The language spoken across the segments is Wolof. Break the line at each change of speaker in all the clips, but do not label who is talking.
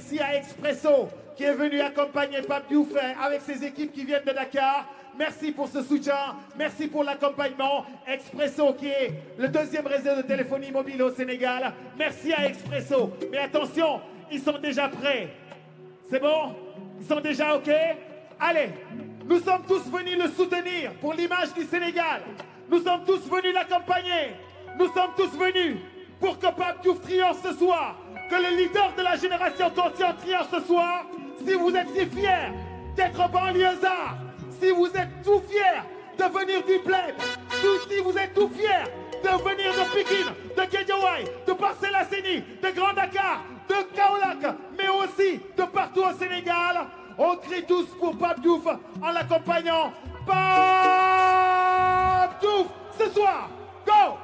merci à Expresso qui est venu accompagner Pape Dioufet avec ses équipes qui viennent de Dakar. Merci pour ce soutien, merci pour l'accompagnement. Expresso qui est le deuxième réseau de téléphonie mobile au Sénégal. Merci à Expresso. Mais attention, ils sont déjà prêts. C'est bon Ils sont déjà OK Allez, nous sommes tous venus le soutenir pour l'image du Sénégal. Nous sommes tous venus l'accompagner. Nous sommes tous venus pour que Pape Diouf triomphe ce soir que les leaders de la génération conscientière ce soir, si vous êtes si fiers d'être banlieusard, si vous êtes tout fiers de venir du bled, si vous êtes tout fiers de venir de Pékin, de Kedjawai, de Barcelacini, de Grand Dakar, de Kaolac, mais aussi de partout au Sénégal, on crie tous pour Pabdouf en l'accompagnant. Pabdouf, ce soir, go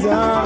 Jesus.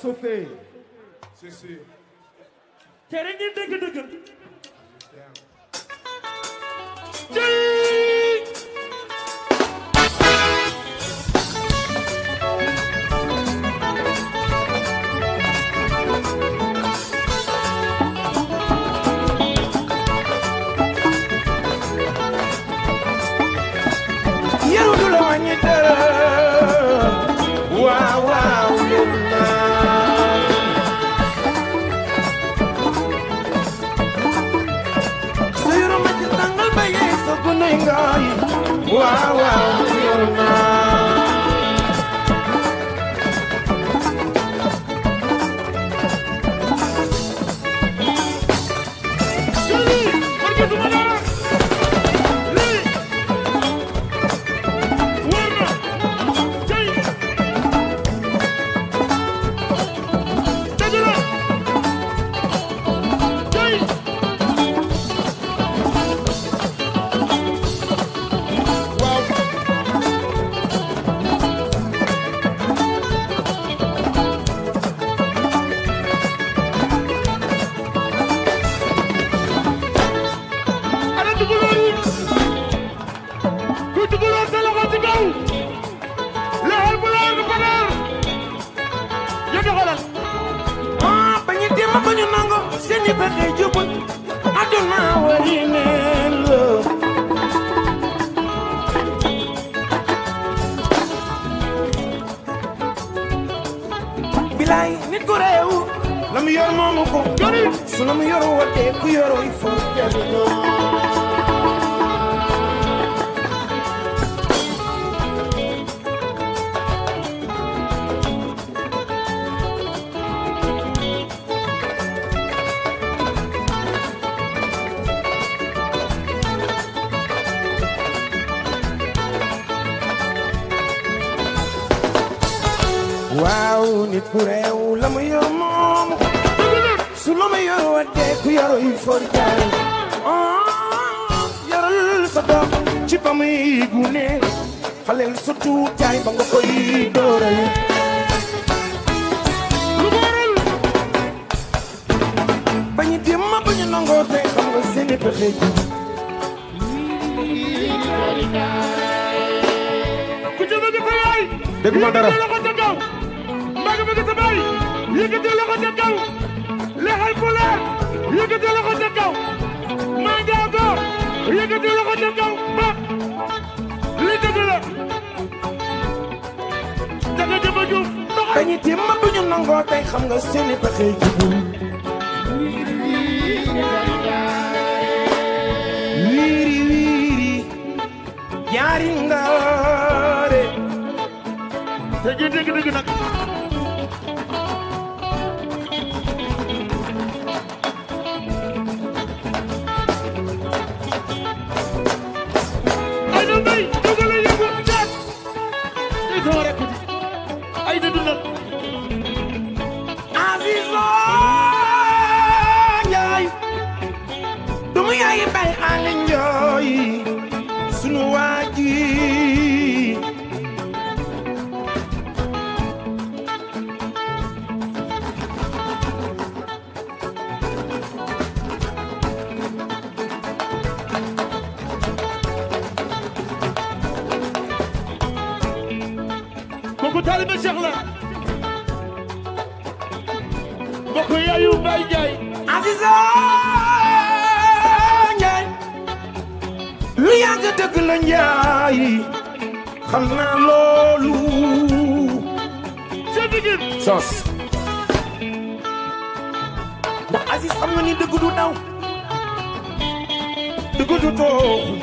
sofrer Baye Ndiaye. Aziza Ndiaye. lu yàgg dëgg la Ndiaye. xam loolu. ca digin. sos. ndax Aziz xam na ni dëgg daw. dëgg du tooxu.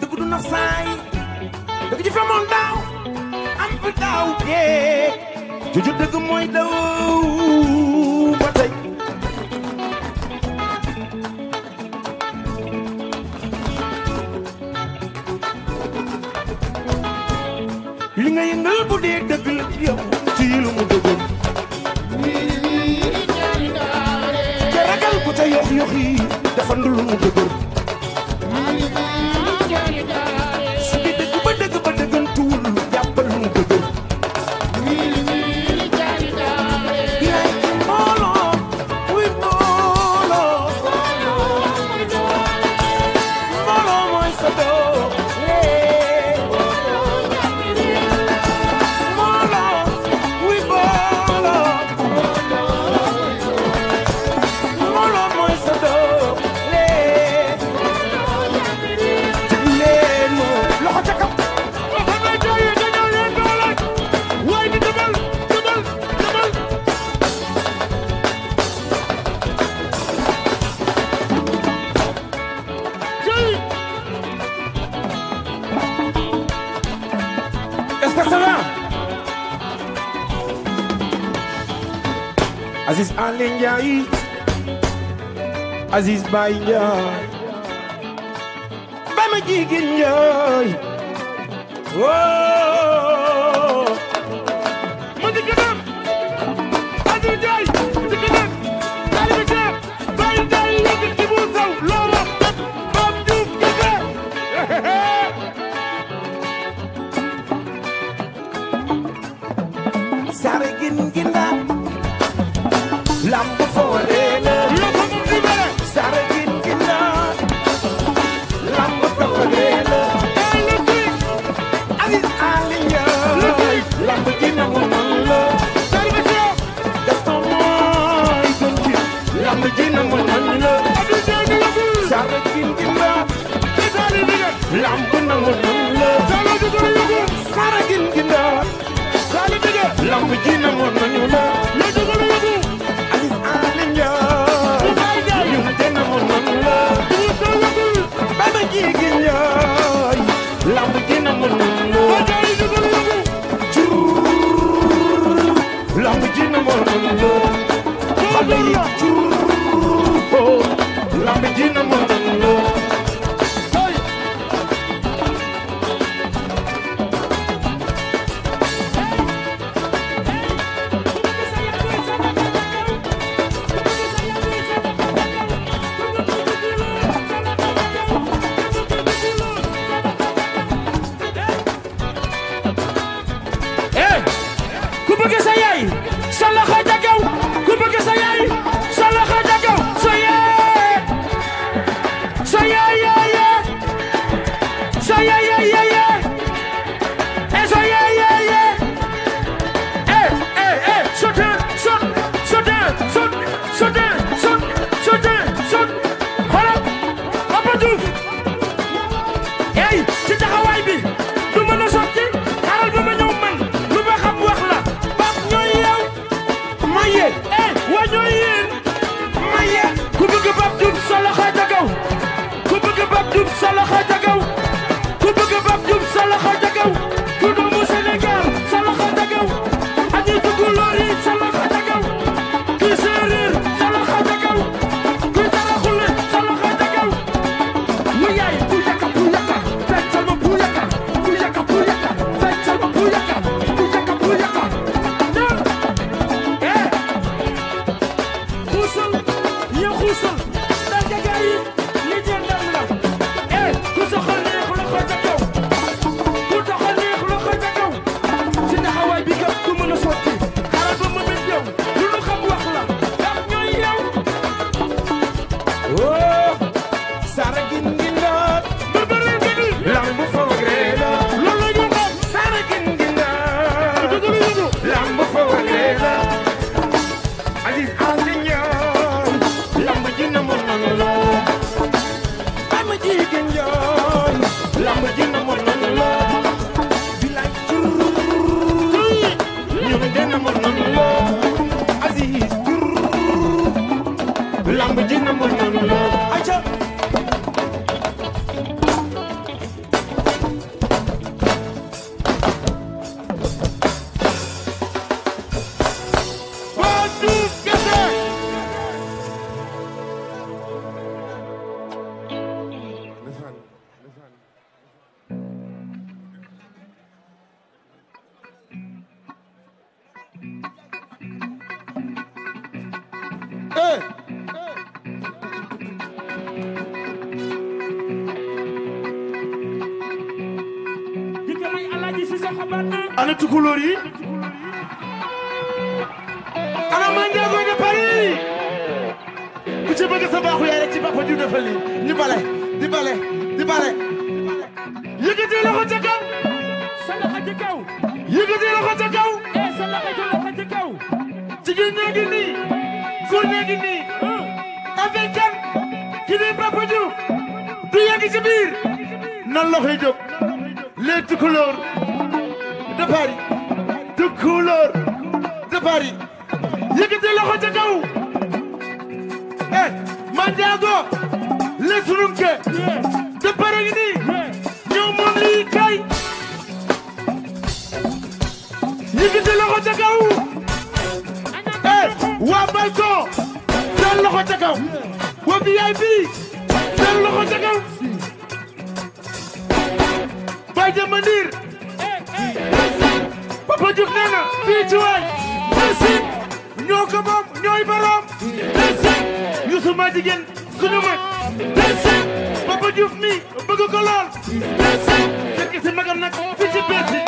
dëgg saay. dëgg ji fa moom daaw. am fi daaw dee. jooju dëgg mooy daw. bu dee dëgg la ci yow ci lu mu dëggoon te ragal bu ca yox yox yi dafa ndul mu dëggoon Aziz Baye Ndiaye Ba ma jigéen Ndiaye oh. Lamborghini yëkkati loxo sa loxo ca kaw. yëkkati loxo ca kaw. eh sa loxo ca kaw. jigéen ñaa ngi nii. góor ñaa ngi nii. Hmm. avec kan. ki ne du yegg ci biir. nan loxo yi jóg. les tukulóor de Paris. loxo ca kaw. eh Mandiago. les Runke. loxo kaw eh, waa balcon seen loxo ca kaw waa VIP seen loxo ca kaw Baye Demba Ndir Papa Diouf fii ci waay Tessine ñoo ko moom ñooy boroom Tessine Youssou ma jigéen suñu mag Tessine Papa Diouf mi bëgg ko lool Tessine fekk si ci Bercy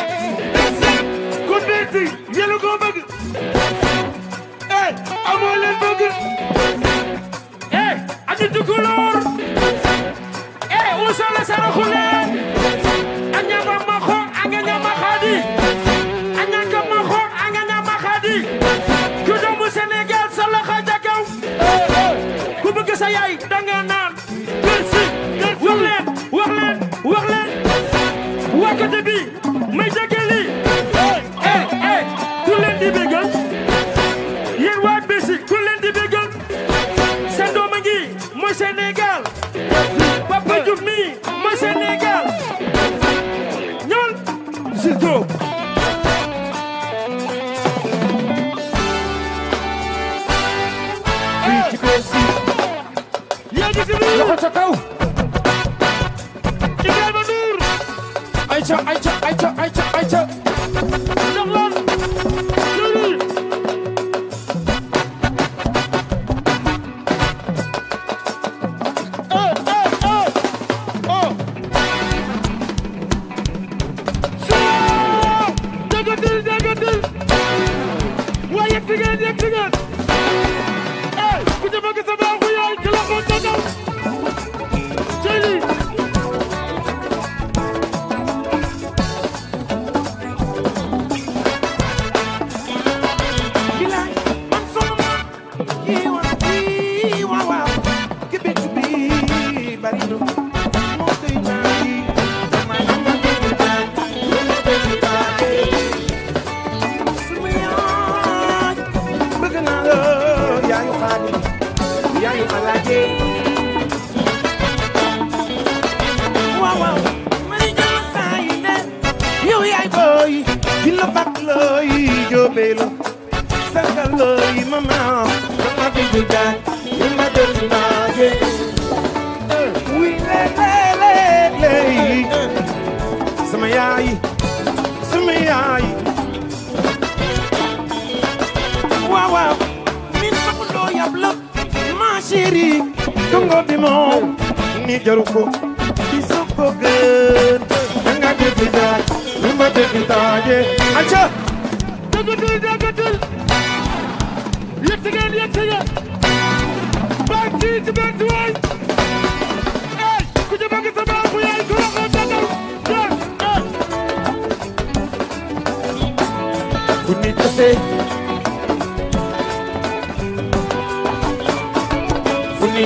dongo bi moom ni jaru ko i gën danga dégg daal li ma dégg taaje aca dagatul dagatul yett ngeen yett ngeen baa kii ci benn waay ay ku jëm ak sa baabu yaay ku waxoon dagal yes yes bu nit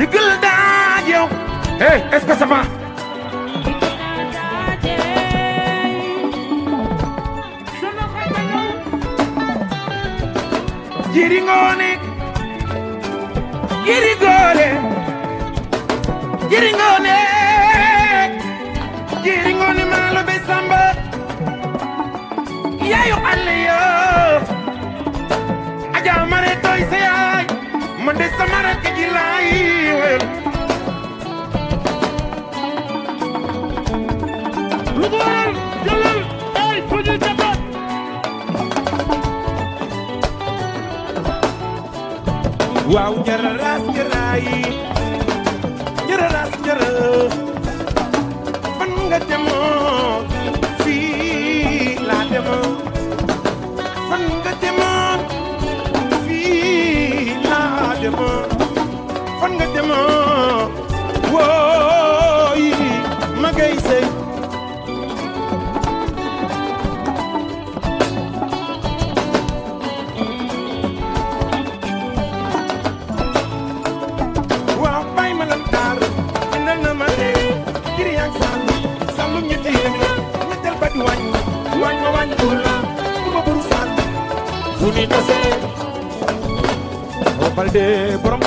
yëgal daa jeew hey est-ce que ça va jiri ngoone jiri maa la samba yaayu àll yoo aja mare toy se ma de sama rakk ji laay wéyal lu ko waral jëlal ay fu ñu jàppaat waaw jërëlaas jërëlaay jërëlaas jërë jamoo wooyi ma ngay sëy bay ma lan indal na ma kiri ak sànn sàllum ñetti yéen ñettel ba di wàññi wàññ ma wàññ tuula
du buru
Balde borom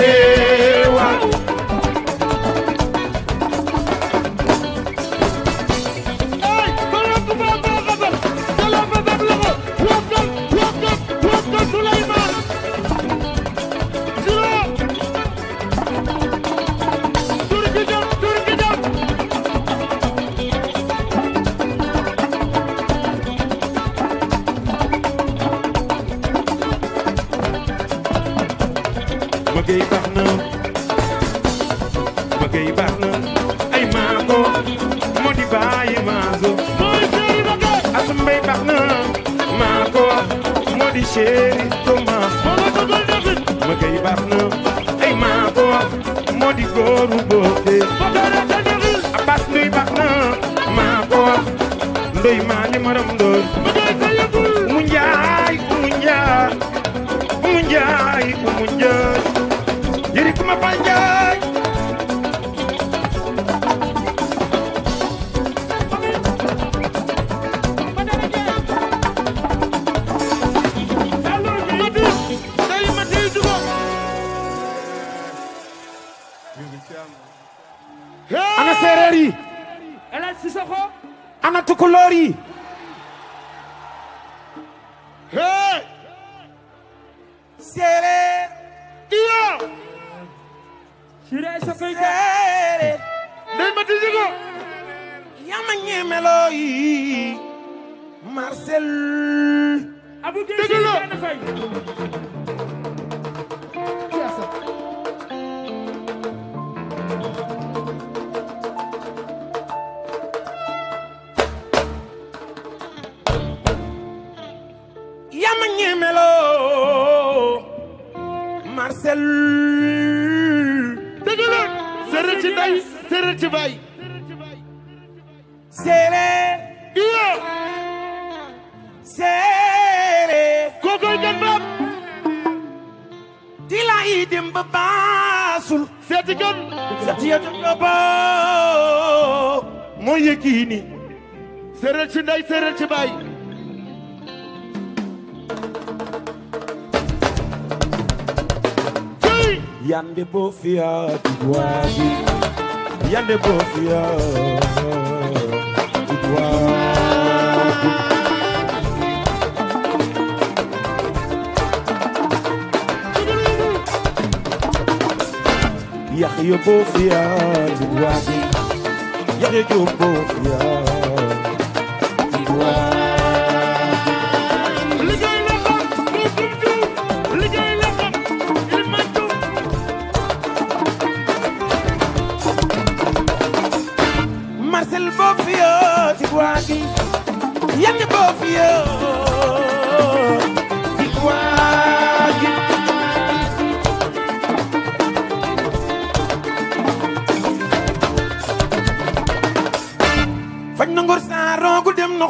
say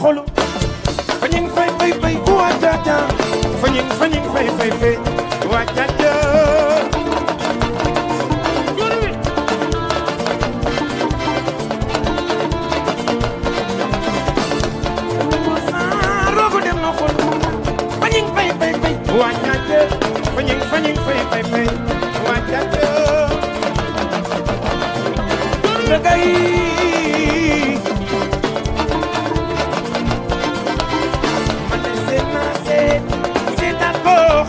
xolu fañing fay fay fay wa jaja fañing fañing fay fay fay wa jaja
Hey!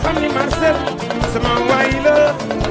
xam ni Marcel sama waay la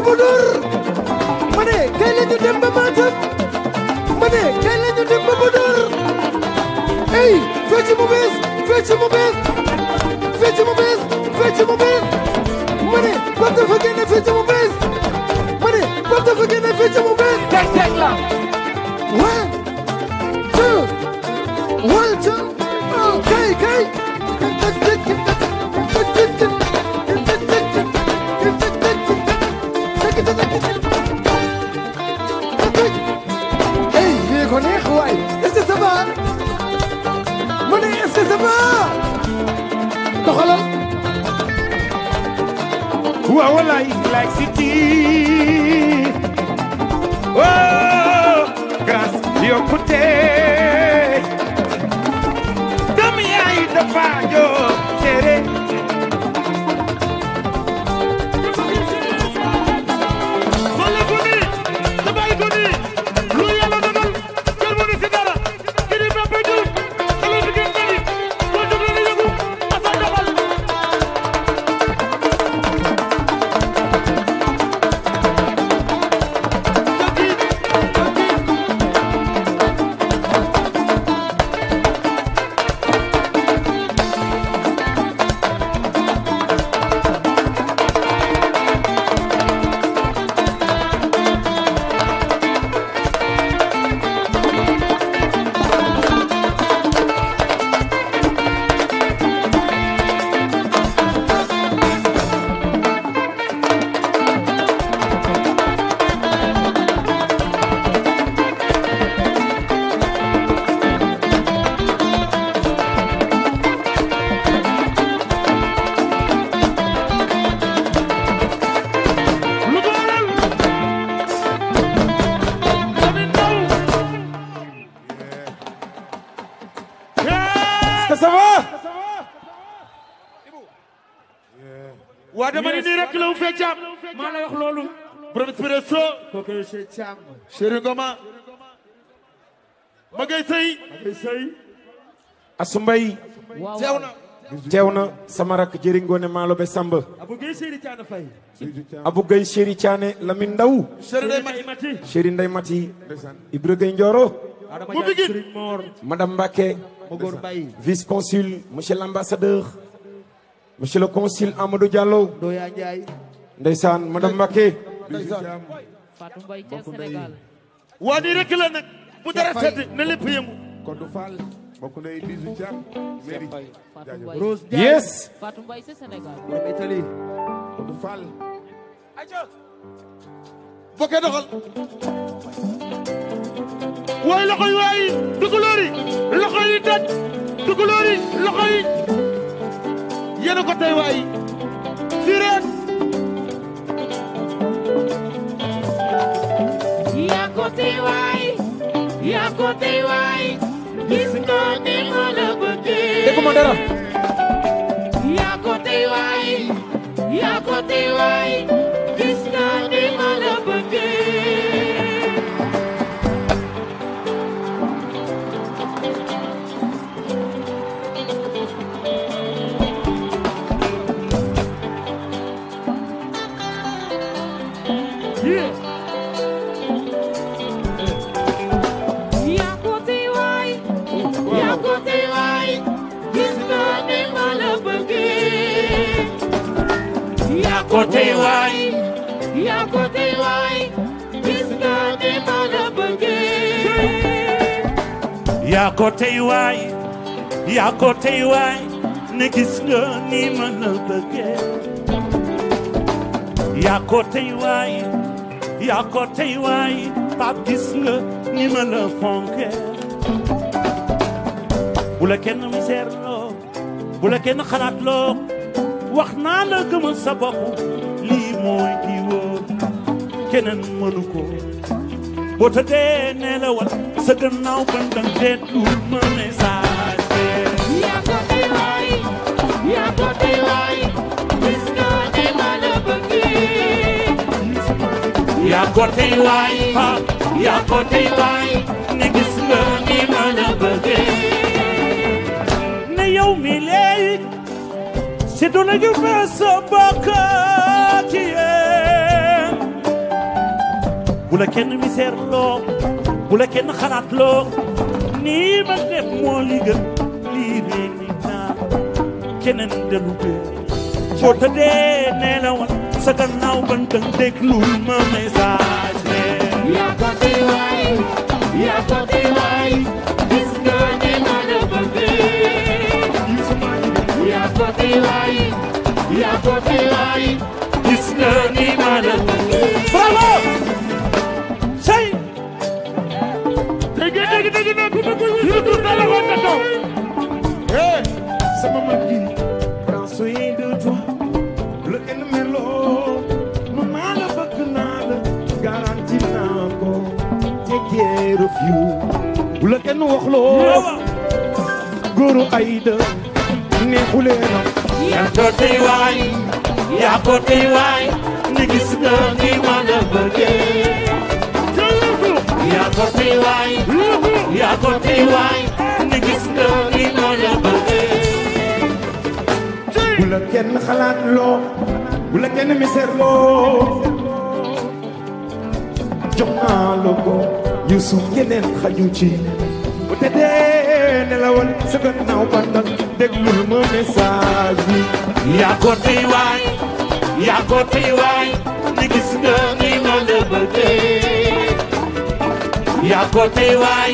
ba mu dur
ma ne kañ la ñu dem ba Matam ma ne kañ la ñu dem ba mu dur ey fecc mu bees fecc mu bees
Maguette Seye Thiam. Chéri Ngoma. Maguette Seye. Maguette Seye. Assou Mbaye. waaw teew na. teew na sama rakk jëriñ ngoone maalo be Samba. Abou Gueye Chéri Thiane Faye. Abou Gueye Chéri Thiane Lamine Ndaw. Chéri Ndeye Mati. Chéri Ndeye Mati. Ibra Gueye Ndioro. le consul Fatou Mbaye Thiès Sénégal. waa nii rek la nag bu dara sedd yes.
Fatou Mbaye c'est waaye loxo yi waaye yi
tukulóor yi yi daj tukulóor yi loxo yi yéen a ko tey waaye fii
yaa ko tey waay yaa ko tey waay gis nga ni ma la bëggee dégguma dara yaa ko tey waay yaa ko tey waay
côté waay yaa côté waay gis naa ne
ne gis nga ni ma la bëggee yaa côté waay yaa côté waay pap gis nga ni ma la fonkee bu la kenn miseer loo bu la kenn xalaat loo wax naa la gëmal sa bopp lii mooy ki keneen mënu ko boo tëddee nee sa gannaaw ban dang
dee tuur ma ne saase yaa ko tey waay yaa ko tey ne gis nga ni
ma la ne yow mi léegi si du nañu fees bàkkaar ci yéen bu la kenn misère loo bu la kenn xalaat loo nii ma def moo li gën lii réer naa keneen delu bee boo tëddee nee sa gannaaw ban dëng déglu ma
message ne yaa ko fi waay yaa ko fi waay gis nga fi laay yaa ko fi laay gis nga ni ma dem. bravo.
sëy. dégg dégg dégg naa ko dégg yi ñu tur dala woon na toog. eh sama mag gi. prends soin de toi. le numéro. maman la bëgg naa la. garanti naa ko. take care of you. bu la kenn waxloo. góoru Aïda. neexulee na. yaa ko tey waay yaa ko tey waay ni gis nga ni mën a bëggee yaa ko tey waay yaa ko tey waay ni gis nga ni mën a bëggee bu la kenn xalaat loo bu la kenn miseer loo jox naa la ko Yuusu yeneen xaju ci bu tëddee nelawal bantal déglul ma message bi yaa ko tey waay yaa ko tey waay ni gis nga la bëggee yaa ko tey waay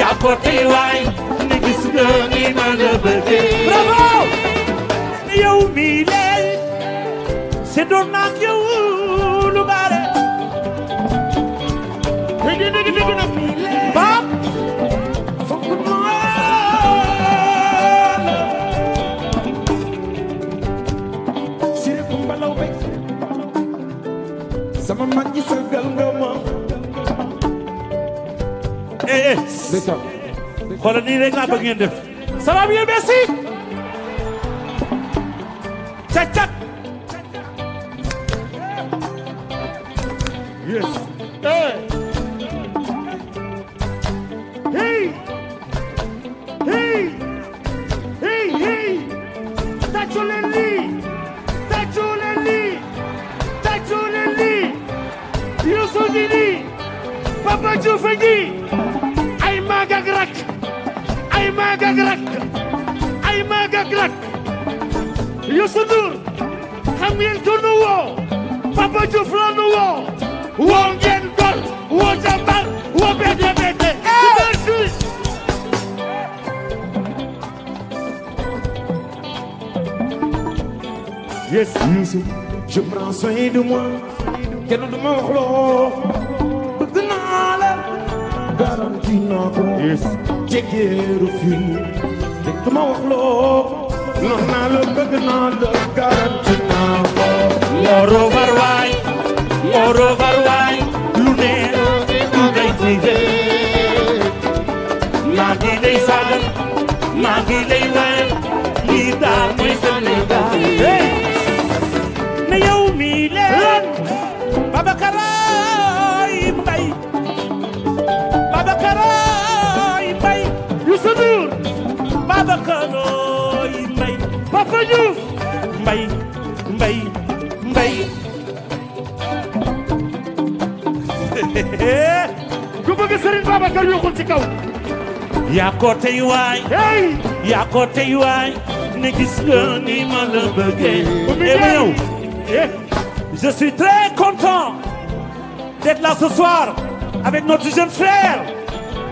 yaa ko tey waay ni gis nga ni ma la bëggee bravo mi lay se doon naa yow lu bare dégg dégg dégg na mi lay man gi sëggal nga ma eh eh xoolal nii rek laa bëgg ngeen def salaam yéen merci ca ca suufa ji ay maag ak rak ay maag ak rak ay maag ak rak Youssou Ndour xam ngeen ko nu woo Papa Diouf la nu woo woo ngeen gol woo jàmbar woo bete bete Yes, Youssou, je prends soin de moi kenn du ma wax loo bis jéggeeru fi dégg ma wax loo noon naa la bëgg naa la garanti naa ko moro war waay moro war waay lu ne lu day tige maa ngi lay saagal maa ngi lay wayal lii daal mooy Sénégal ne yow mi leen Babakara je suis très content d'être là ce soir avec notre jeune frère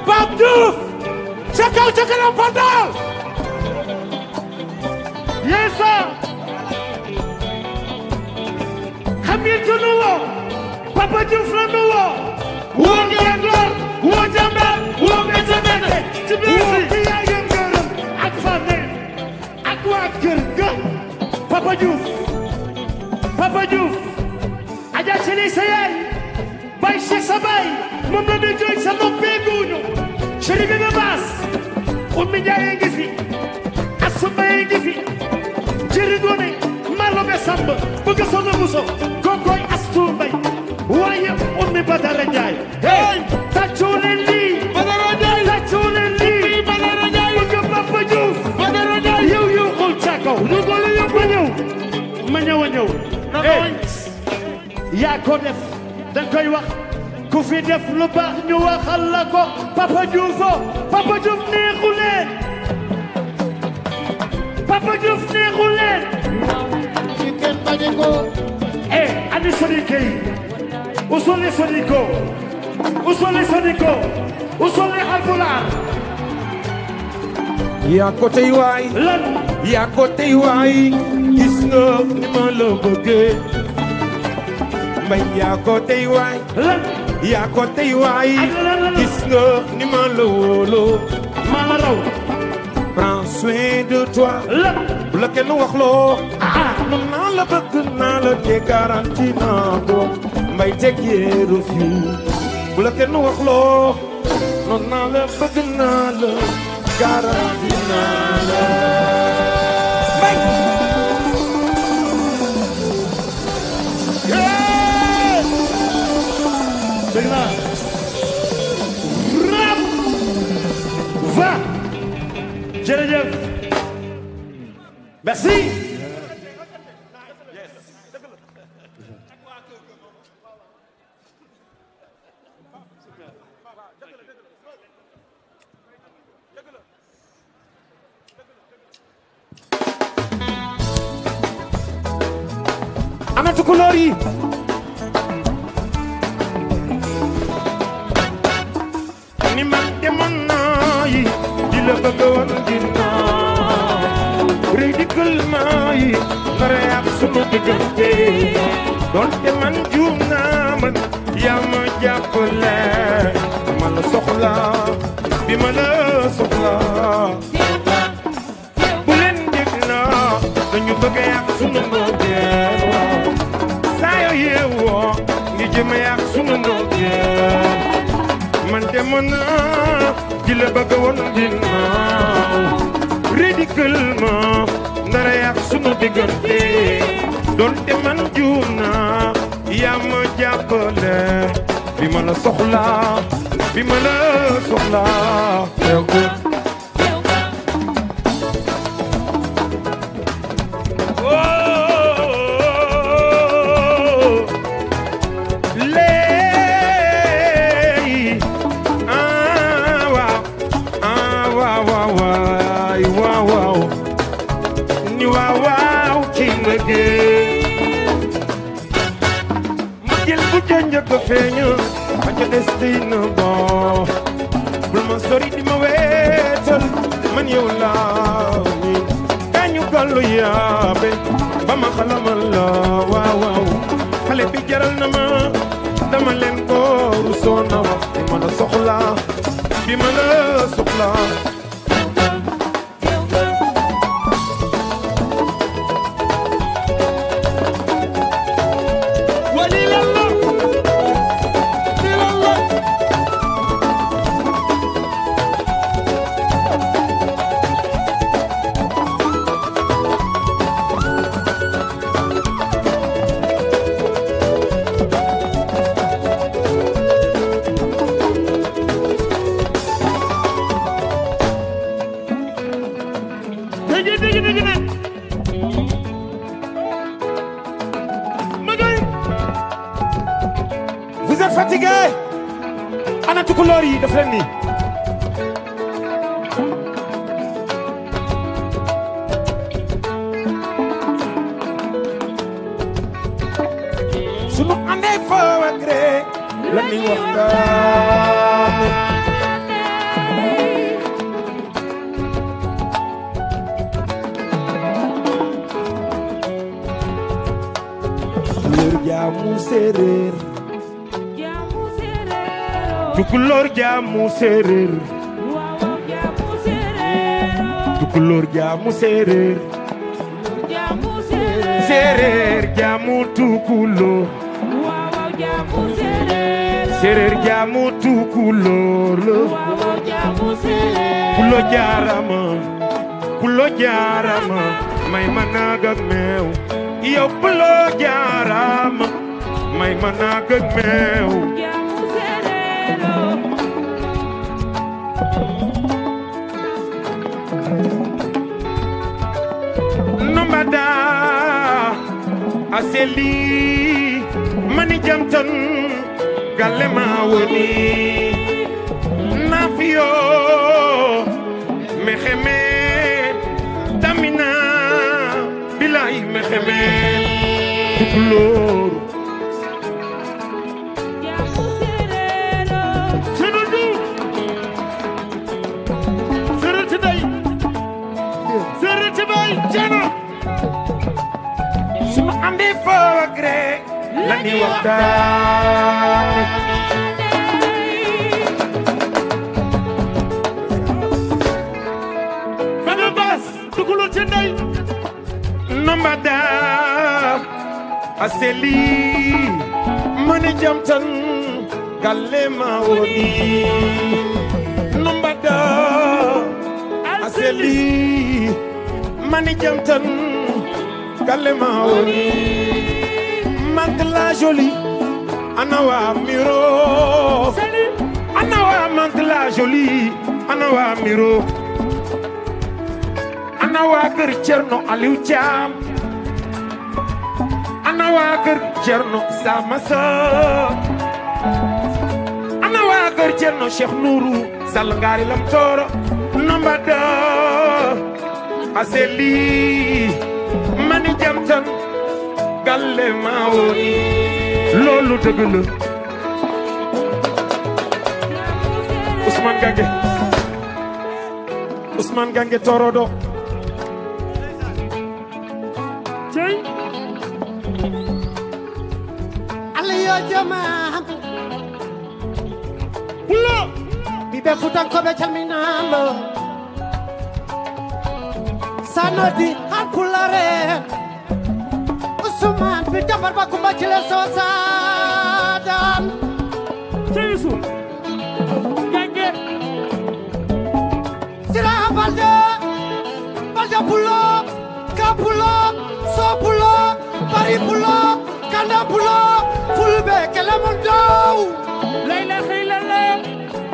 Bab Diouf apătiu flându o Un gărător, un zâmbet, un gățămete Ce blăzi! que pia e în gărăm, acfane, acuat gârgă Papădiuf, papădiuf Adea ce lei să iei, bai și me bai Mă blădă joi să nu pe gunu Și ribe é bas, un minea é ghizi Asumă e ghizi, giridone, mă lobe sambă Bugă să nu muso, ma ñëw ma eh, yaa ko def danga koy wax ku def lu baax ñu waxal la ko Papa Diouf Papa Diouf neexu leen Papa Diouf ani eh, sonike yi usole soniko usole soniko usole yaa ko tey waay lan yaa ko tey waay gis nga ni ma la bëggee mbay yaa ko tey waay yaa ko tey waay gis nga ni ma la wóoloo maa la raw prends soin de toi bu la kenn wax loo man naa la bëgg naa la garanti naa ko mbay teg yeeru fi bu la kenn wax loo man naa la bëgg naa
garanti naa la
merci jaamu séeréer tukulóor jaamu séeréer séeréer jaamu tukulóor séeréer jaamu tukulóor
kulo jaarama
kulo jaarama may ma naaga meew yow kulo jaarama may ma naaga meew seli mani jamton galema woni nafio meheme damina bilai meheme lo للمنن وحدك فانا بس تقولوا جندي نمدا أسلي من جمتن قال ما ودي نمدا أسلي من جمتن قال ما ودي Jante la waa miro ana waa Mante la jolie ana waa miro ana waa kër Cerno Aliou waa kër Cerno Samassa ana waa kër Cerno Cheikh Nourou Sall ngaari lam Baldé maa woon loolu dëgg la Gange Ousmane Gange Torodo cey Aliyo Jama Pulo Bibe Futankoɓe calminambo Sanodi Halpulare sumaan bi jafar ba kumba ci le soo saadaan ciisu genge siraa balde balde bulo ka bulo soo bulo bari bulo kanda bulo fulbe kelemun dow layla xiilale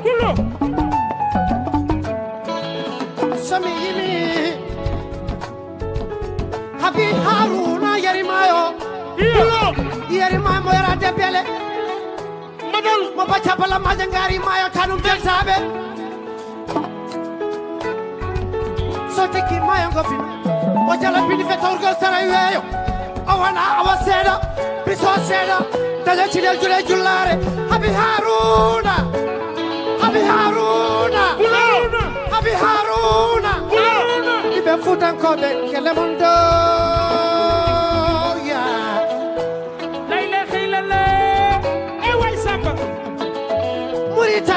bulo sami yimi habi haru yeri ma moyrade bele madol mo bacca balla maje ngaari mayo tanum deltaɓe so tekki mayo ngo fin o jala bini fetorgol saray weeyo o wona awa seeɗa biso seeɗa daña cinel jule jullare
habi haruna habi haruna habi haruna ɗiɓe futankoɓe ke lemon doo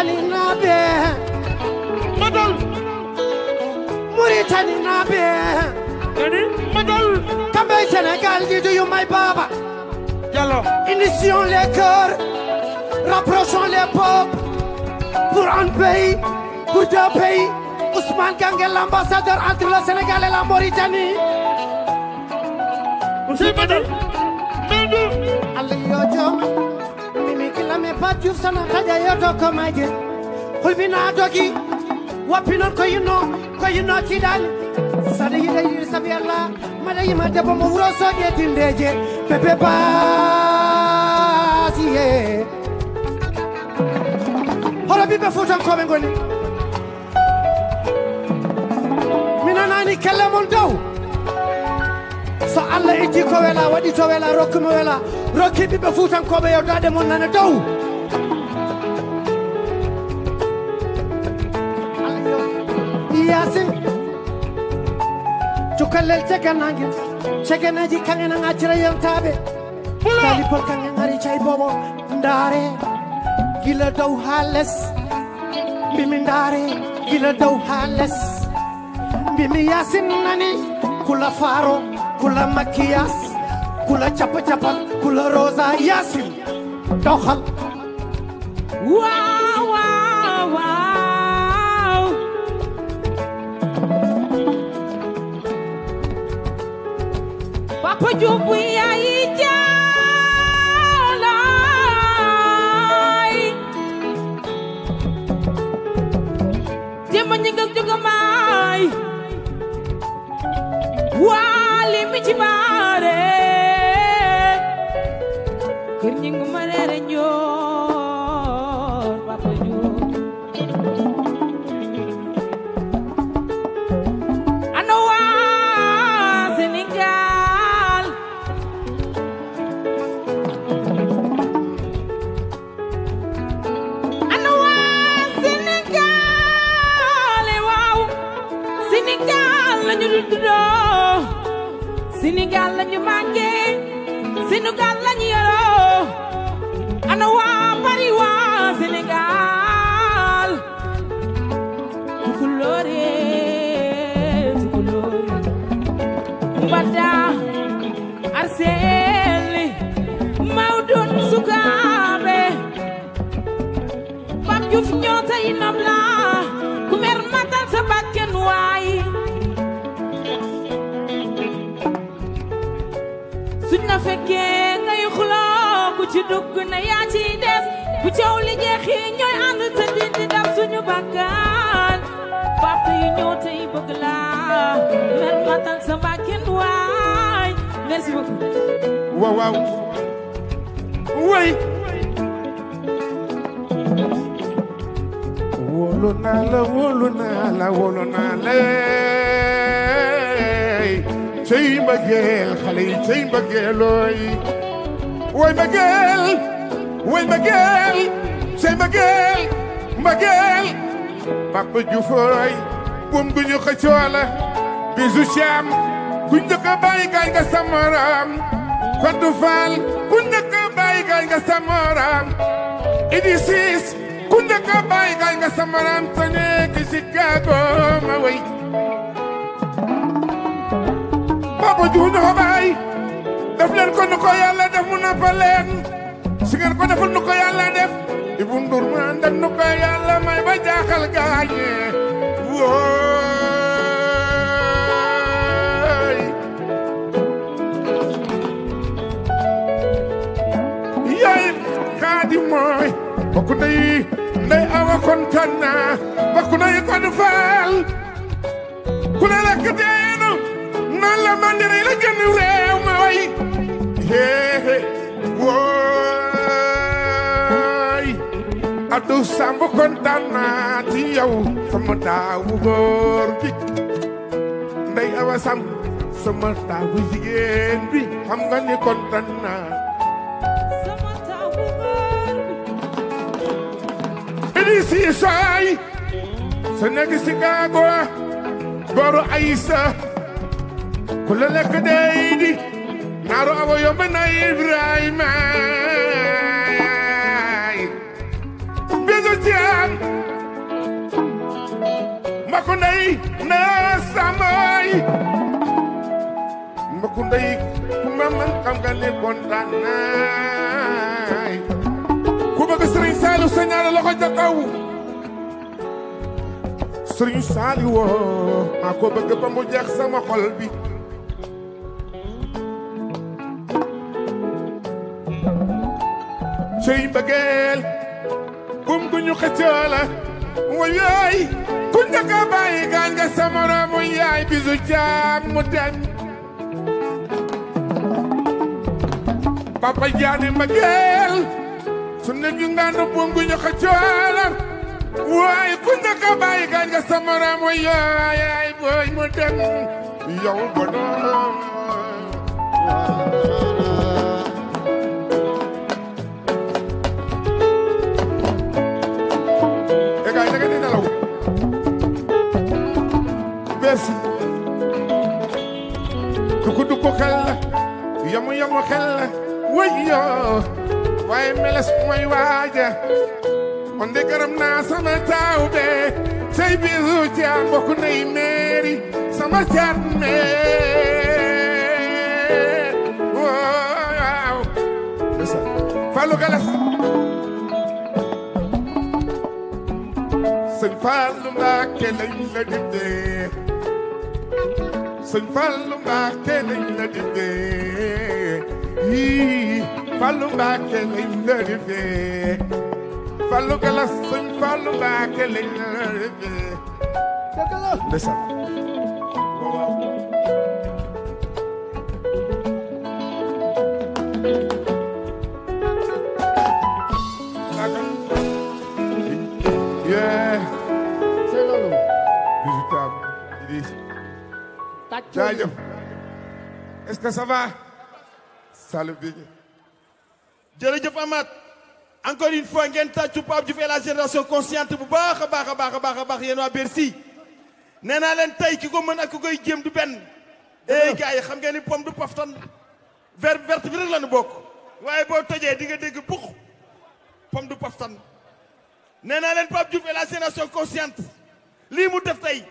muritani naaɓe madal muritani naaɓe ani madal kamɓe sénégal yidoyu may baaba diallo unissions les cœurs rapprochons les peuples pour un pays pour deux pays Ousmane Ganguel l'ambassadeur entre le Sénégal et la Mauritanie si madal Aliou Diome lame Pape Diouf sana haƴayoto ko maje hulbina dogi woppinon ko yinno ko yinno tiɗani saɗa yiɗa yiɗi sabi allah maɗa yima debbo mo wuuro soƴe dindeje bebe basiye hoto ɓiɓɓe fuutankoɓe goni mi nanani kelle mon dow so allah iti ko wela wadi to wela mo wela rokki ɓiɓɓe be yewdade mon nana dow yasin cukallel cegannaguel cegenaji kanena accira yewtaɓe talipol kange ari cay bobo ndaare gila dow ha les mbimi gila dow ha les yasin nani kula faaro ku la makiyaas ku la cappa ku la rosa yaasin doxal
waaw waaw waaw papa Diouf bu yaayi jaalaay jéem a ñi
fooy buum du ñu xëccoo la bisu caam ku njëkk a bàyyi gaañ nga sa morom Fatou Fall ku njëkk a bàyyi gaañ nga sa Idi Siis ku njëkk a bàyyi gaañ nga sa morom te nekk Chicago ma way Papa Diouf na ko bàyyi leen ko nu ko yàlla def mu noppal leen si ngeen ko defal nu ko ndurmaande nu ko may ba jaaxal gaañe wóoy yaay xaadi mooy bokku day ndey awa kontaan naa bokku nay kon ku ne lekk deenu naan la mandiri la gënu ree a Samb kontaan naa ci yow sama taawu góor bi Ndey Awa Samb sama taawu jigéen bi xam nga ni kontaan naa sama taawu góor bi ini sa nekk si gaago booru Aysa ku la lekk dey di naaru awa yomb na Ibrahima ndey na samay mbokku ndey ku ma man xam nga ne kontaan naay ku bëgg sëriñ Saliou sa ñaari loxo ja kaw sëriñ Saliou woo maa ko bëgg ba mu jeex sama xol bi cey mbëggeel gum gu ñu xëccoo la wayaay ku njëkk a gaañ nga sa moroomu yaay bisu caab mu dem papa jaani mbëggeel su ne ju ngaanu bungu ñu xëccoola waay ku njëkk gaañ nga sa moroomu yaay booy mu dem yow bonoom merci ku ko dugg xel la yamu yamu xel la wayyo waaye meles mooy waaja on de gërëm naa sama taaw be say bisu jaar bokk nay meeri sama jaar meer waaw Fallou Galas sëñ Fallou Mbacke lañ la dimdee sëñ Fallou Mbacké lañ la defee yii Fallou Mbacké lañ la defee Fallou Galas sëñ Fallou Mbacké lañ la defee. dëgg la. tàccu est-ce que ça va Salut bi jërëjëf Amath encore une fois ngén tatchou pap Diouf et la génération consciente bu baax a baax a baax a baax a baax yéen waa Bercy nee naa leen tey ki ko mën ak koy jéem du ben. eh gaay xam ngeen ni pom du paftan vert vert bi rek la ñu bok. Waye bo tojee di nga dégg bux Pom du paftan Néna len pap Pape Diouf la génération consciente Li mu def tay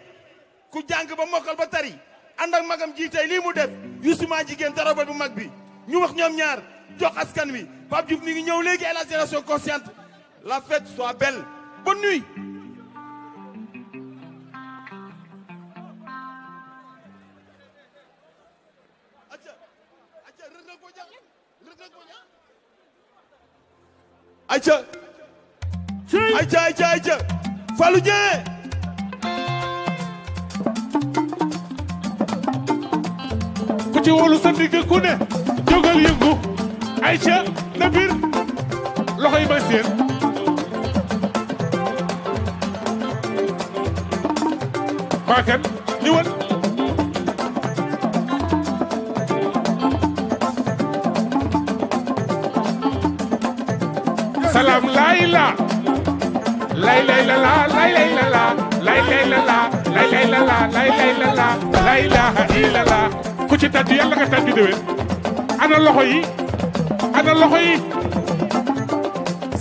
ku jang ba mokal ba tari ànd ak magam ji tey lii mu def justement jigéen daroba bu mag bi ñu wax ñoom ñaar jox askan wi Pape Diouf mi ngi ñëw léegi à la génération consciente la fête soit belle bonne nuit ayca ayca ayca ayca ci wolu sa digg ku ne jógal yëngu ay ca na biir loxo yi may seen maa kan ni wan salaam laay la lay lay la la lay lay la la lay lay ci tàccu yàlla nga tàccu déwén ana loxo yi ana loxo yi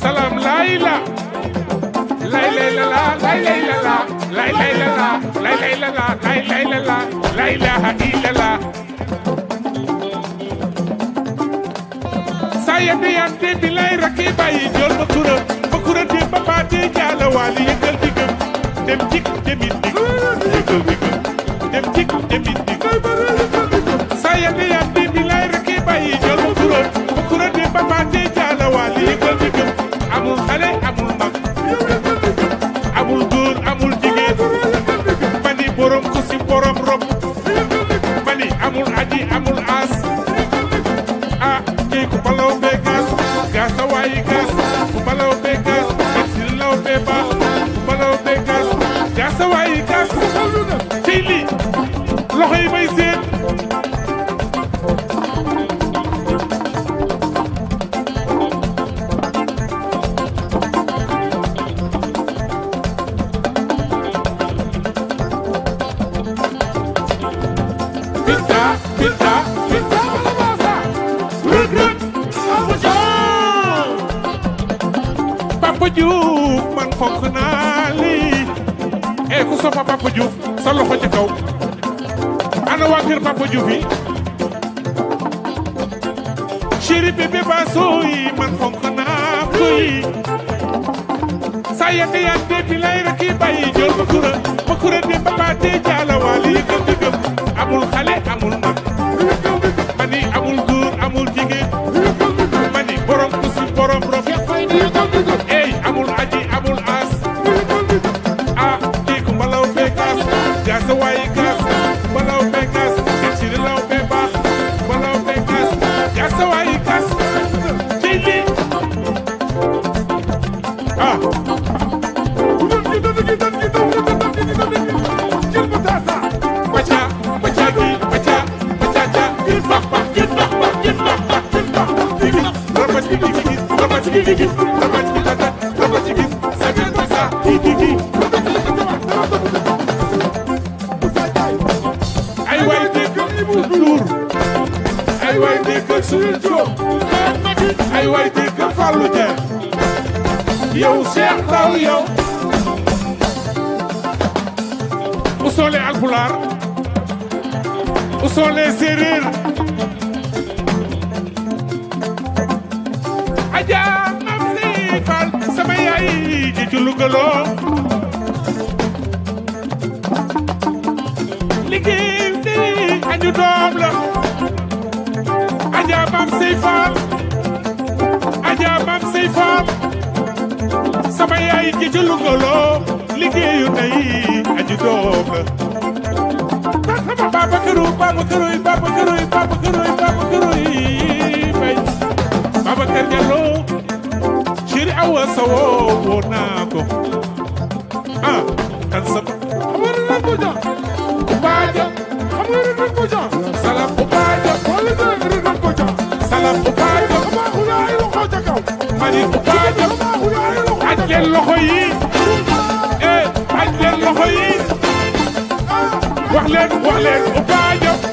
salaam laay la lay lay la la lay lay la la lay lay la la lay lay la la lay lay la la lay ilaha illa la sa yende yande bi lay rakki bàyyi jool ba kura ba kura de ba baate jaala waali yëgal digam dem jik demit dig yëgal dig sont les Sérères Adja Mam Sey Fall sama yaay ji ci Lougaloo liggéey bi añu doom la Adja Mam Sey Fall Adja Mam Sey Fall sama yaay ji ci liggéeyu tey añu doom la Babacar Babacar Babacar Babacar Mbaye Babacar Diallo Chéri Awa
Sow woo naa ko ah kan sa amara na ko jox baaja amara na ko jox salam bu baaja wala dara na ko jox salam bu baaja ma xulaay loxo ca kaw mani bu baaja ma
xulaay loxo aj leen loxo yi eh aj leen loxo yi wax leen wax leen bu baaja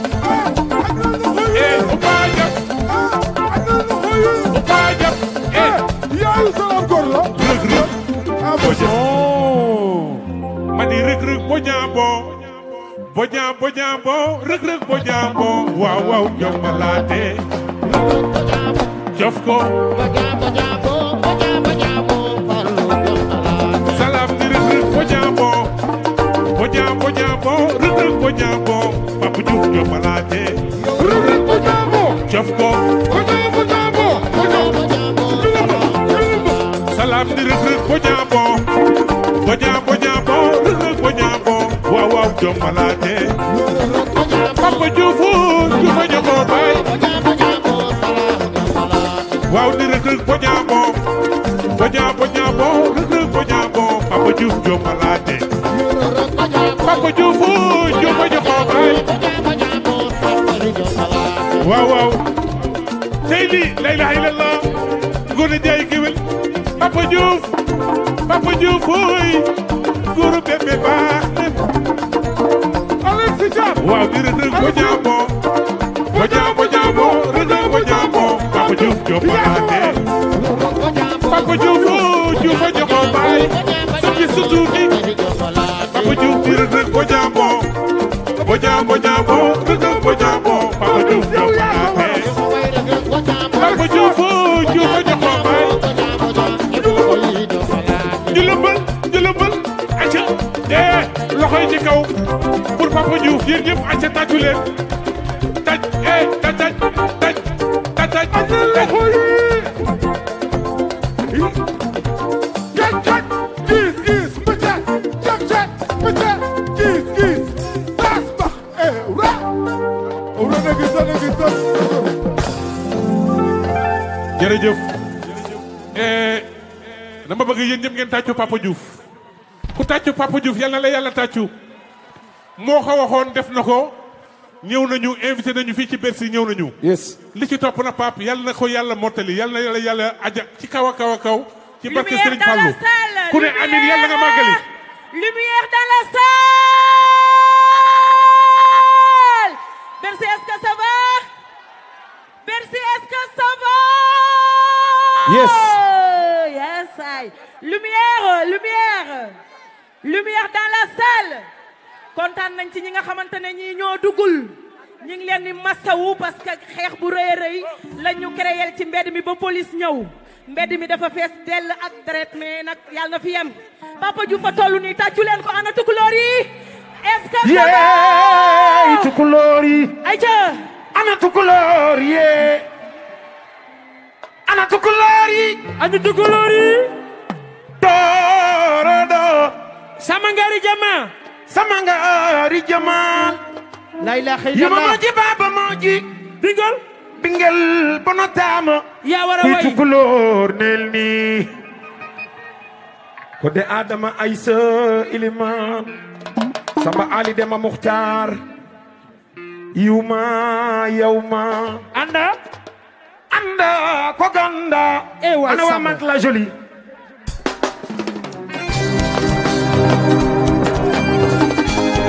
di rëg rëg bojaambo bojaam bojaambo rëg rëg bojaambo waaw waaw ñoom ma laate jof ko bojaam bojaambo bojaam bojaambo salaam di rëg rëg bojaambo bojaam bojaambo rëg di rëg rëg jomalaate Papa Diouf Diouf a jogoo baay waaw ni rëkk rëkk boña moom boña boña moom rëkk rëkk boña moom Papa Diouf jomalaate Papa Diouf Diouf a jogoo baay waaw waaw tey lii la ilaha illallah Ngoné Ndiaye géwél Papa Diouf Papa Diouf waaw di rëdëg bu jàmbo bu jàmbo jàmbo rëdëg bu jàmbo Papa Diouf Diouf Paate Papa Diouf oh, Diouf a joxo baay sukki sutu gi Papa Diouf di rëdëg bu jàmbo bu jàmbo jàmbo rëdëg bu jàmbo Papa Diouf Diouf Paate Papa Diouf oh, Diouf a joxo baay ñu lëmbal ñu lëmbal acca dee loxoy ci kaw Kër Papa yéen ñëpp àcc tàccu leen tàcc eh tàcc tàcc tàcc tàcc. àcc loxo yi.
gis gis gis mbëcce cëk cëk mbëcce gis gis baas bax eh ra. ra na gis na gis na.
jërëjëf. Eh, dama bëgg yéen ñëpp ngeen tàccu Papa Diouf ku tàccu Papa Diouf yal na moo ko waxoon def na ko ñëw nañu invité nañu fii ci Bercy ñëw nañu. yes li ci topp na Pape yal na ko yàlla mottali yal na yàlla yàlla aja ci kaw a kaw a kaw. ci barke Serigne Fallou ku ne yàlla nga màggali.
lumière dans la salle. Bercy est-ce que ça va. Bercy Kontan nañ ci ñi nga xamantene ñi ñoo dugul ñi ngi leen di massawu parce que xex bu reey reey lañu créer ci mbéd mi ba police ñew mbéd mi dafa fess del ak traitement nak yalla na fi yam papa ju fa tollu ni taccu leen ko ana tukulóor yi est ce que yeey
tukulóor yi
ayca ana tukulóor yi
ana tukulóor yi ana tukulóor yi sama ngari jamaah sama ngaari jamaal la ilaha illallah yama mooji baaba mooji bingel bingel bono taama yaa war a way tukulóor neel ni ko de adama aysa iliman samba ali dema muxtaar yiw ma yow ma anda anda ko ganda eh, ana waa mag la joli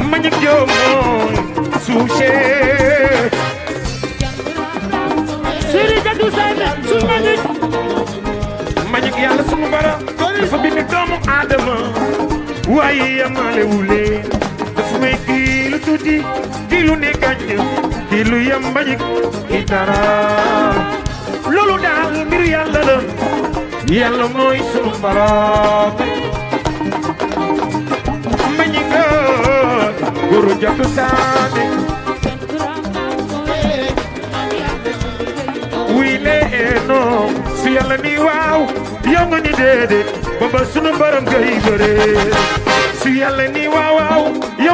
Manyak jomon Suche Siri gadu sane su manyak Manyak yalla sunu bara Dafa bind doomu adama Waaye yamale wule Dafa may kilu tuti Kilu ne gagne Kilu yam bañik Kitara Lolu daal mbir yalla la Yalla moy bara guru jatu saani wiile eno su yàlla ni waaw yow nga ni déedéet ba ba sunu borom ngay bëree su yàlla ni waaw waaw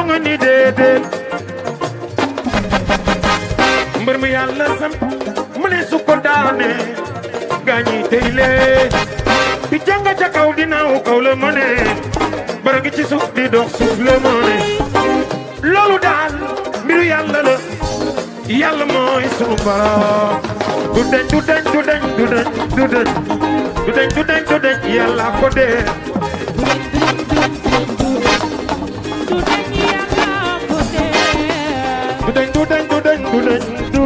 nga ni déedéet mbër mi yàlla sam mu ne su daane gaañi tey lee bi jànga ca kaw dinaaw kaw la mëne baragi ci suuf di dox suuf lolu dal miru yang la yalla moy sunu borom du den du den du den du den du den du den du den du den yalla ko de du du du du du du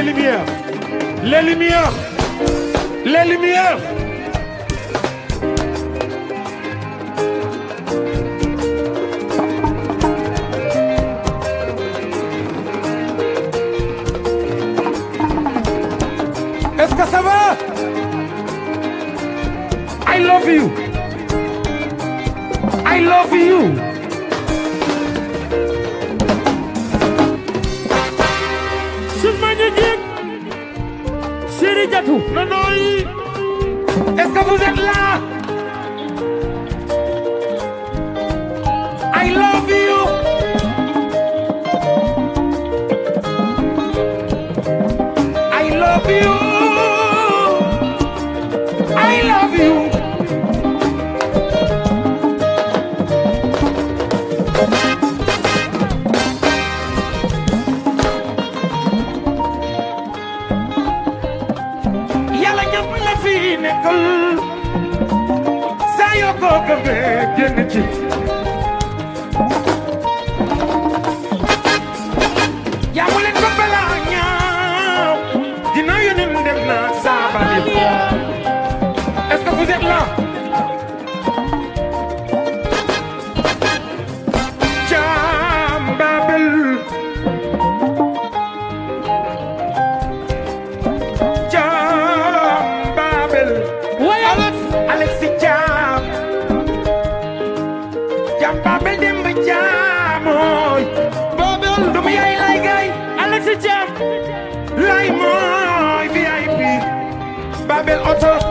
du du ko Les lumières Les lumières Est-ce que ça va I love you I love you est Est-ce que vous êtes là
I love you I love you
¿Quién? unto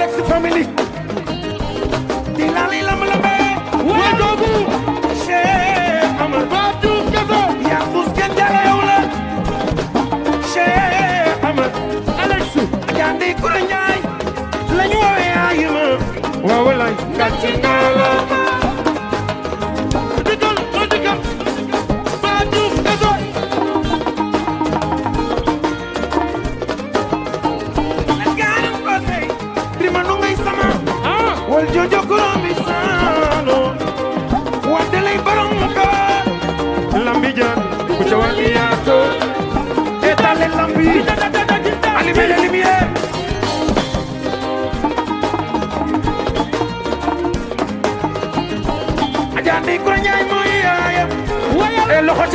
Alex family di lali lam lambe way doogu Cheikh Amar Ba Diouf yaa xuus kenn jala yow la Cheikh Amar Alex jandi kura ñaay lañu woowee
ayuma waaw wallaay gàcce naa la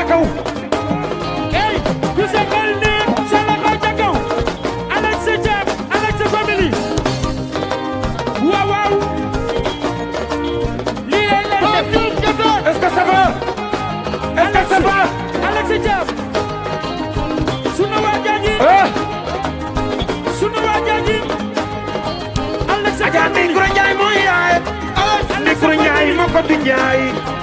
ca kaw ey ku sa xel neex sa loxo ca kaw alak sa ceeb alak sa famille waaw waaw lii lay leen def est-ce que ça va est-ce que ça va alak sa ceeb sunu waa jaaji ah! sunu waa jaaji sa ceeb Ndikuru Njaay mooy yaay Ndikuru Njaay moo ko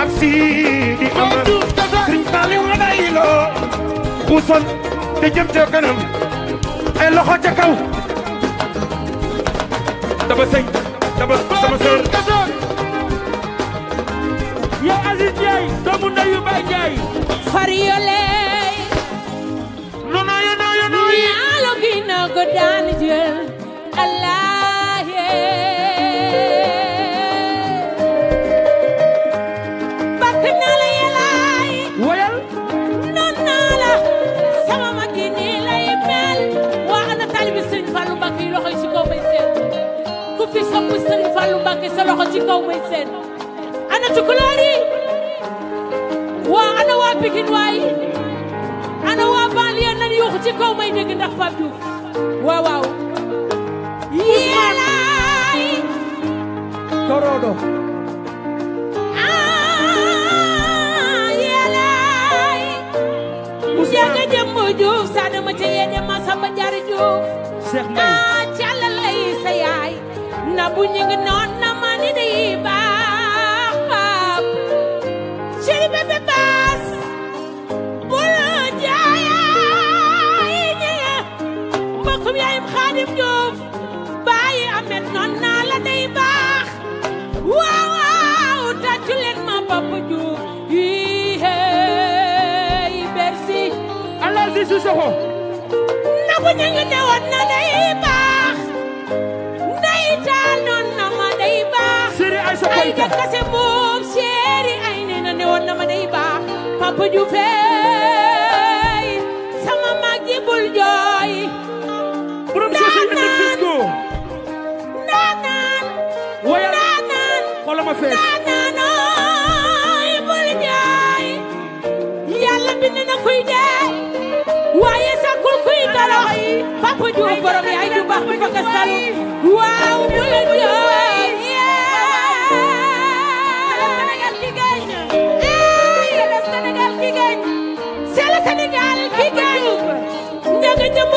ak Sidi Amar Sëriñ Saliou nga day loo xuusoon te jëm ca kanam ay loxo ca kaw daba sëñ
daba sama sœur yow Aziz Ndiaye doomu ndeyu Baye Ndiaye far yole nono yono yono yi alo gi na ko daan jël Mbàkke sa loxo ci kaw muy seen ana tukulóor yi waa ana waa Pikin waay ana waa banlieue nan yuuxu ci kaw may dégg ndax Pape Diouf waaw waaw yelaay torodo Ousmane Ndiaga Demba Diouf Sadama Thié Yédé Massamba Diarra Diouf Cheikh Mbaye bu ñing non na mani di baax baax chéri bébé baas bu la jaay ñinga mbokkum yaayam Xaadim Joof bàyyi amet non naa la day baax waaw waaw tàccu leen ma bopp Joof yi hey merci Allah si su soxo na bu ñing ne woon na day baax jëkk kase buum séeri ay nee na ne woon na ma day baax papa ju sama mag ji bul jooy naanaan naanaan naanaan xolama fees naanaan
ooy bul
jooy yàlla bind na kuy dee waaye sakul kuy torox papa ju borom yaay ju baax bi fa kasalu waaw bul jooy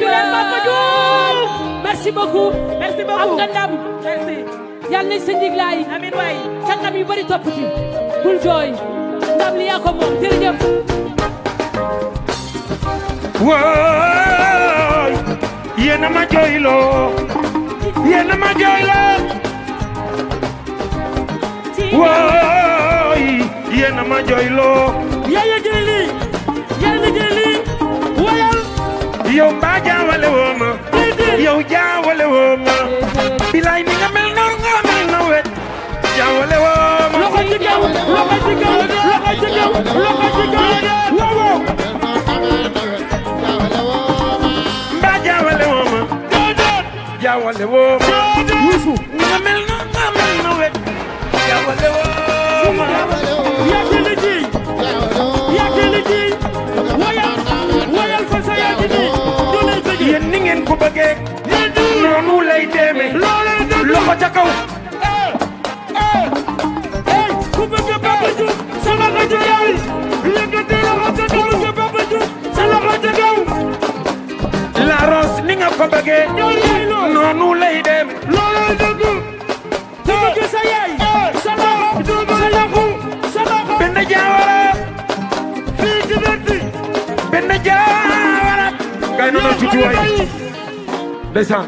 jural Papa Diouf jooy ndam li yaa
ma jooyloo yéen a ma jooyloo yow mbaa jaawale woo ma yow jaawale woo ma bilaay ni nga mel noonu nga mel na jaawale woo ma loxo ci kaw loxo ci kaw loxo ci kaw loxo ci ngeen ko bëggee. noonu lay demee. loxo ca kaw. Eh,
eh, eh, ku bëgg Papa Diouf sa loxo ca kaw yëkkati loxo ca kaw ku bëgg Papa Diouf sa loxo ca kaw.
la rose ni nga ko bëggee. noonu lay demee. looloo dëgg. ku bëgg sa yaay. sa loxo sa loxo sa loxo. benn jaawara. fii ci benn benn jaawara. kay noonu tuuti waay. ndeysaan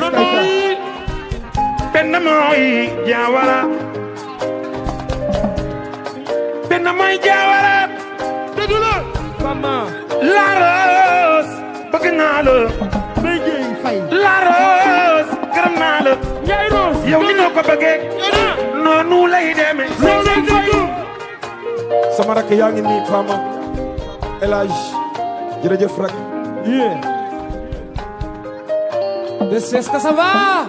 nunuy
benn mooy jaawara benn mooy jaawara dëgg la mama la naa la bay fay la rose gërëm naa la ñay rose yow ni nga ko bëggee noonu lay demee sama yaa ngi nii Fama El Hadj jërëjëf rakk
Descesca, Savá!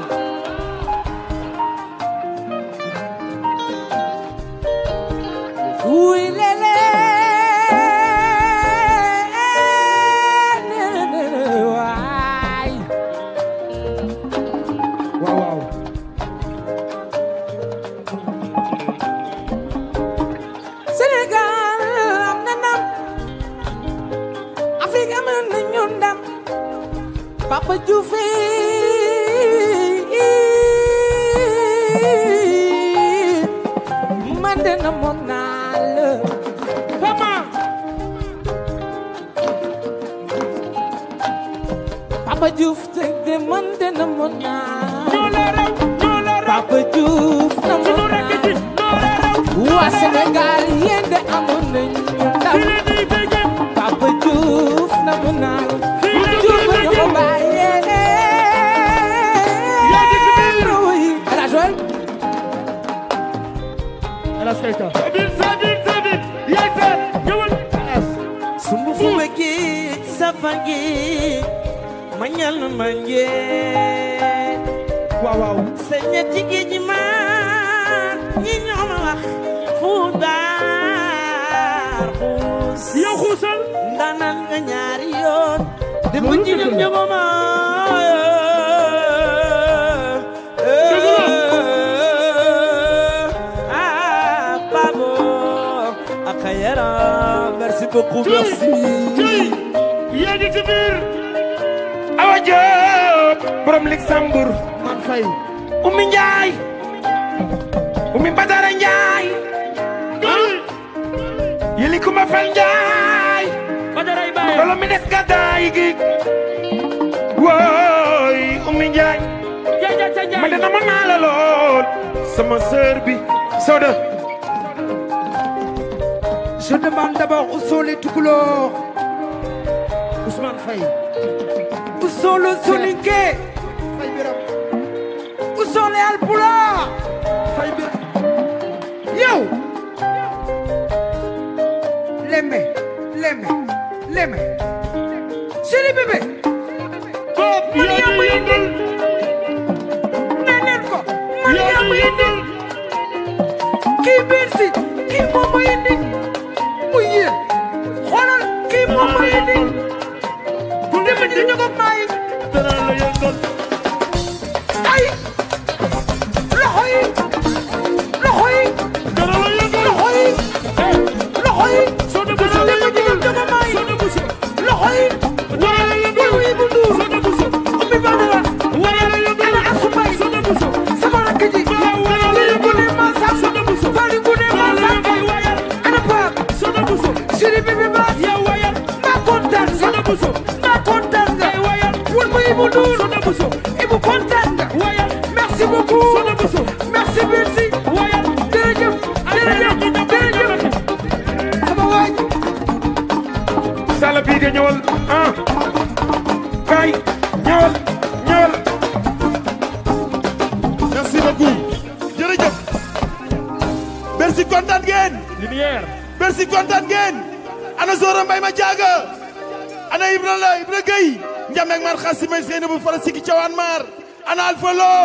ana Alpha Lo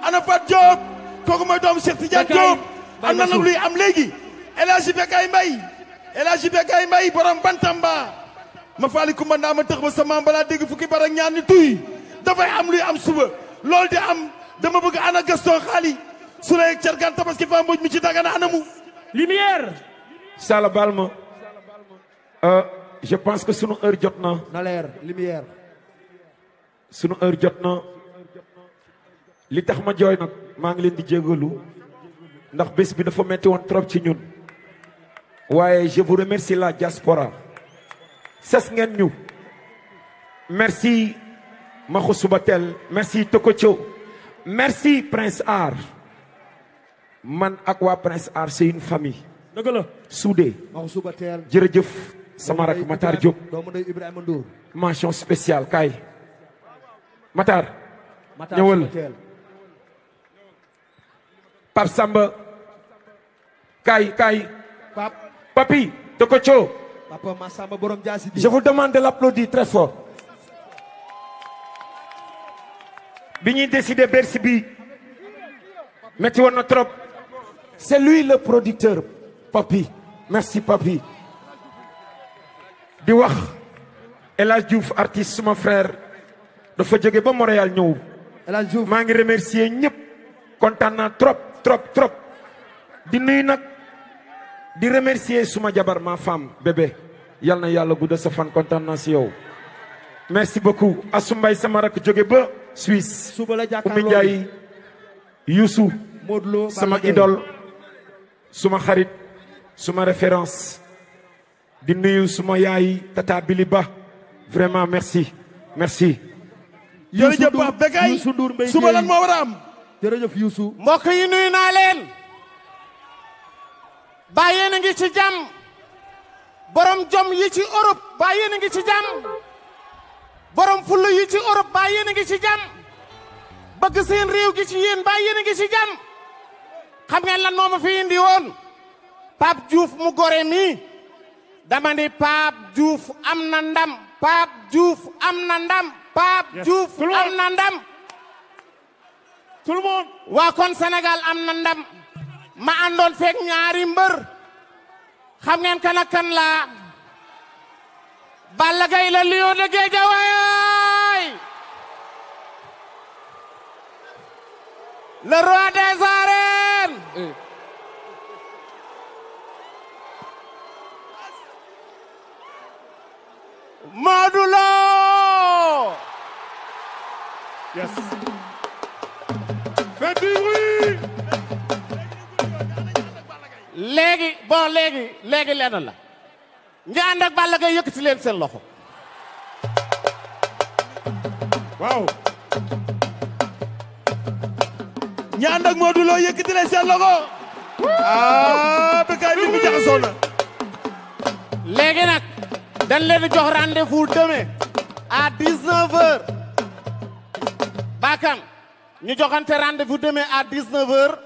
ana Fat Diop kooku mooy doomu Cheikh Tidiane Diop am na nag luy am léegi El Hadj Bekay Mbaye El Hadj Bekay Mbaye borom Bantamba ma faali kumba ndaa ma tëx ba sama balaa dégg fukki bara ñaan ni tuy dafay am luy am suba loolu di am dama bëgg ana Gaston xaali su lay cergaan tabaski fa mboj mi ci dagana anamu lumière sala baal ma euh, je pense que sunu heure jot na lumière sunu jot na li tax ma joy nak ma ngi len di jégalu ndax bes bi dafa metti won trop ci ñun waye je vous remercie la diaspora ses ngeen ñu merci Maxu Subatel merci Tokocho merci Prince ar man ak wa Prince ar c'est une famille deug la soudé Maxu Subatel jërëjëf sama rak Matar Diop
doomu ndey Ibrahima Ndour
mention spéciale kay Matar ñewal Pape Samba Kaay Kaay. Borom Jaasi bi. Je vous demande de très fort. bi ñuy décider Bercy bi metti woon na trop. c'est lui le producteur Papi merci Papi. di wax El Hadj Diouf artiste suma frère dafa jóge ba Montréal ñëw. maa ngi remercier ñëpp kontaan trop. trop trop di nuyu nak di remercier suma jabar ma femme bébé yal na yàlla gudd sa fan kontaan si yow merci beaucoup mbay sama rak joge ba Suisse suba la jàkkaarloo Oumy Ndiaye Youssou sama idol suma xarit suma référence di nuyu suma yaay tata biliba vraiment merci merci Youssou Ndour Youssou suba lan mo war am jërëjëf Youssou. mbokk yi nuyu naa leen. baa yéen a ngi ci jàmm. borom jom yi ci Europe baa yéen ngi ci jàmm. borom fulla yi ci Europe baa yéen ngi ci jàmm. bëgg seen réew gi ci yéen baa yéen ngi ci jàmm. xam ngeen lan moo fi indi woon. Pape Diouf mu gore mi dama ni Pape Diouf am na ndam Pape Diouf am na ndam Pape am na tout le monde. waa kon Sénégal am na ndam. ma àndoon feeg ñaari mbër. xam ngeen kan kan laa. Balla Gaye la Lion de Guédiawaye. le roi des arènes. Modou Lo. yes. du bruit léegi bon léegi léegi la ñi ànd ak Balla Gaye leen seen loxo waaw ñi ànd ak Modou leen seen loxo ah békaay bi mu jaxasoo na léegi nag dañ leen jox rendez-vous demain à 19 heures Bakam ñu joxante rendez-vous demain à 19h.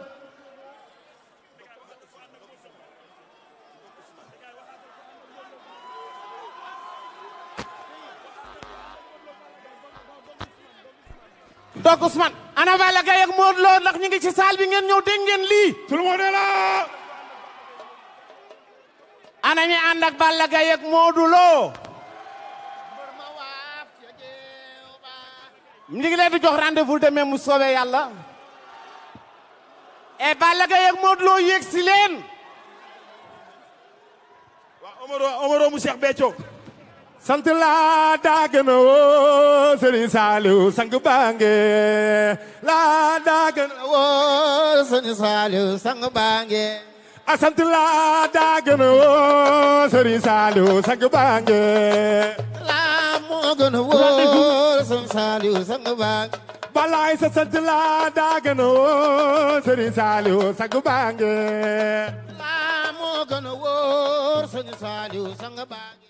donc Ousmane. ana Balla Gaye ak ndax ñu ngi ci saal bi ngeen ñëw dégg ngeen lii. tout le monde est ñu ngi leen di jox rendez-vous demee mu soobee yàlla e Balla Gaye ak Modou Lo yéeg si leen waaw Omaro Omaro mu Cheikh Béthio sant laa daagana woo Serigne Saliou sang baange laa a sant laa daagana woo Serigne Saliou sang baange moo gën a wóor sëñ Saliou sang baag balaay sa sant laa daa gën a wóor sëñ Saliou sang baag
laa moo gën a wóor sëñ Saliou sang baag